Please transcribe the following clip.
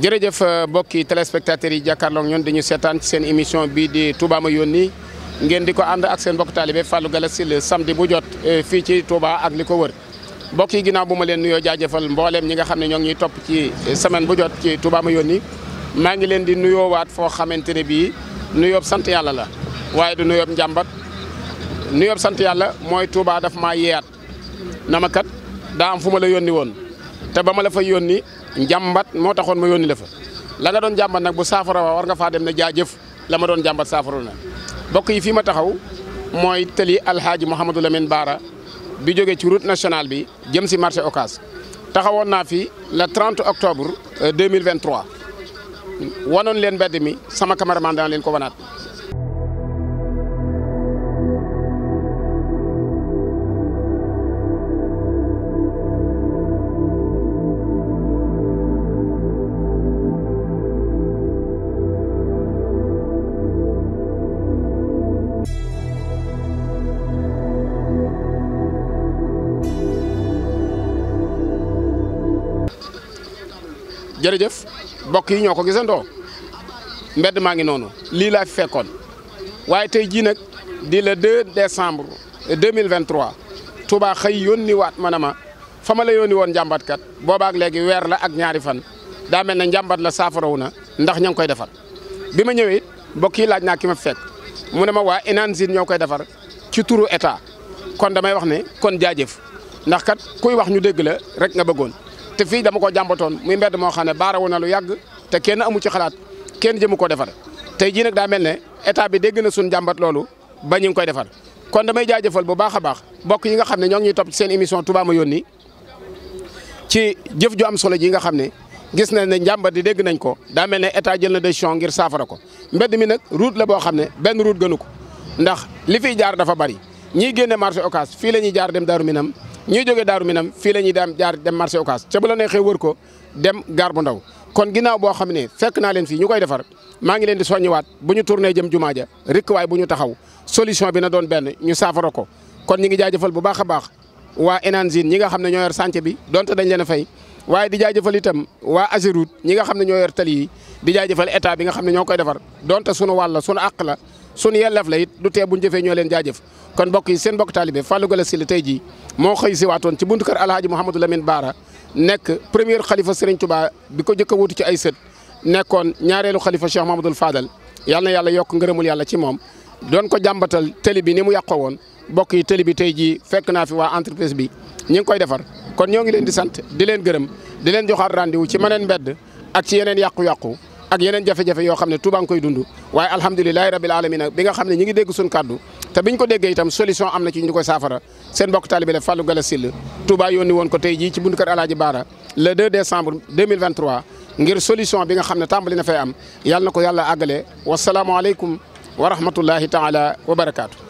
jërëjëf euh, mbokki téléspectateurs yi jàkkaarloog ñun dañu seetaan ci seen émission bii di Touba ma yónni ngeen di ko ànd ak seen mbokk taalibe Fallou Galass Syll samedi bu jot euh, fii ci Touba ak li ko wër mbokk yi ginnaaw bu ma leen nuyoo jaajëfal mbooleem ñi nga xam ne ñoo ngi topp ci euh, semaine bu jot ci Touba ma yónni maa ngi leen di nuyoo waat foo xamante ne bii nuyoob sant yàlla la waaye du nuyoob njàmbat nuyoob sant yàlla mooy tuubaa daf maa yeeyaat na ma kat daa am fu ma la yónni woon te ba ma la fa yónni njàmbat moo taxoon ma yónni la fa la nga doon jàmbat nag bu saafara wa war nga faa dem ne jaajëf la ma doon jàmbat saafara na bokk yi fii ma taxaw mooy tëli alhaaji Mouhamadou Lamine Baara bi jógee ci route nationale bi jëm si marché Ocass taxawoon naa fi le 30 octobre 2023 euh, wanoon leen mbedd mi sama cameraman dana leen ko wanaat jërëjëf mbokk yi ñoo ko gisandoo mbedd maa ngi noonu lii laa fi fekkoon waaye tey jii nag di le 2 décembre 2023 Touba xëy yónni waat ma ne ma fa ma la yónni woon njàmbat kat boobaak léegi weer la ak ñaari fan daa mel ne njàmbat la saafarawu na ndax ña ngi koy defar bi ma ñëwee mbokk yi laaj naa ki ma fekk mu ne ma waa ENANZIN ñoo koy defar ci turu état kon damay wax ne kon jaajëf ndax kat kuy wax ñu dégg la rek nga bëggoon. te fii dama ko jàmbatoon muy mbedd moo xam ne baarawu na lu yàgg te kenn amu ci xalaat kenn jëmu ko defar tey jiinag nag daa mel ne état bi dégg na suñu jàmbat loolu ba ñu ngi koy defar kon damay jaajëfal bu baax a baax bokk yi nga xam ne ñoo ngi ñuy topp ci seen émission Touba ma yónni ci jëf ju am solo ji nga xam ne gis nañ ne njàmbat di dégg nañ ko daa mel ne état jël na décision ngir saafara ko mbedd mi nag route la boo xam ne benn route gënu ko ndax li fiy jaar dafa bari ñiy génne marché Ocass fii la ñuy jaar dem Darou Minam ñuy jógee Daaru Minam fii la ñuy daan jaar dem marché Ocass ca bu la neexee wër ko dem gaar bu ndaw kon ginnaaw boo xam ne fekk naa leen fii ñu koy defar maa ngi leen di soññiwaat bu ñu turnee jëm jumaa ja rikk waay bu ñu taxaw solution bi na doon benn ñu saafara ko kon ñi ngi jaajafal bu baax a baax waa Enanzine ñi nga xam ne ñoo yor chantier bi donte dañ leen a fay waaye di jaajëfal itam waa Ageroute ñi nga xam ne ñoo yor tali yi di jaajëfal état bi nga xam ne ñoo koy defar donte sunu wàll sunu àq la suñu yelleef la it du tee buñ jëfee ñoo leen jaajëf kon mbokk yi seen mbokk taalibe Fallou Galass tey jii moo xëy si waatoon ci buntu kër alhaaji Mouhamadou Lamine Baara nekk premier xalifa Serigne Touba bi ko jëkk a ci ay sët nekkoon ñaareelu xalifa Cheikh Mouhamadoul Fadal yal na yàlla yokk ngërëmul yàlla ci moom doon ko jàmbatal tëli bi ni mu yàqoo woon mbokk yi tëli bi tey jii fekk naa fi waa entreprise bi ñi ngi koy defar kon ñoo ngi leen di sant di leen gërëm di leen joxaat rendez-vous ci meneen mbedd ak ci yeneen yàqu-yàqu ak yeneen jafe-jafe yoo xam ne Touba nga koy dund waaye alhamdulilahi rabil alamina bi nga xam ne ñi ngi dégg suñ kàddu te biñ ko déggee itam solution am na ci ñu koy saafara seen mbokk taalibe la Fallou Gala Sill Touba yónni woon ko tey jii ci buntu kër Alaaji Baara le 2 décembre 2023 ngir solution bi nga xam ne tàmbali na fay am yàlla na ko yàlla àggale wasalaamualeykum wa rahmatullahi taala wa barakaatu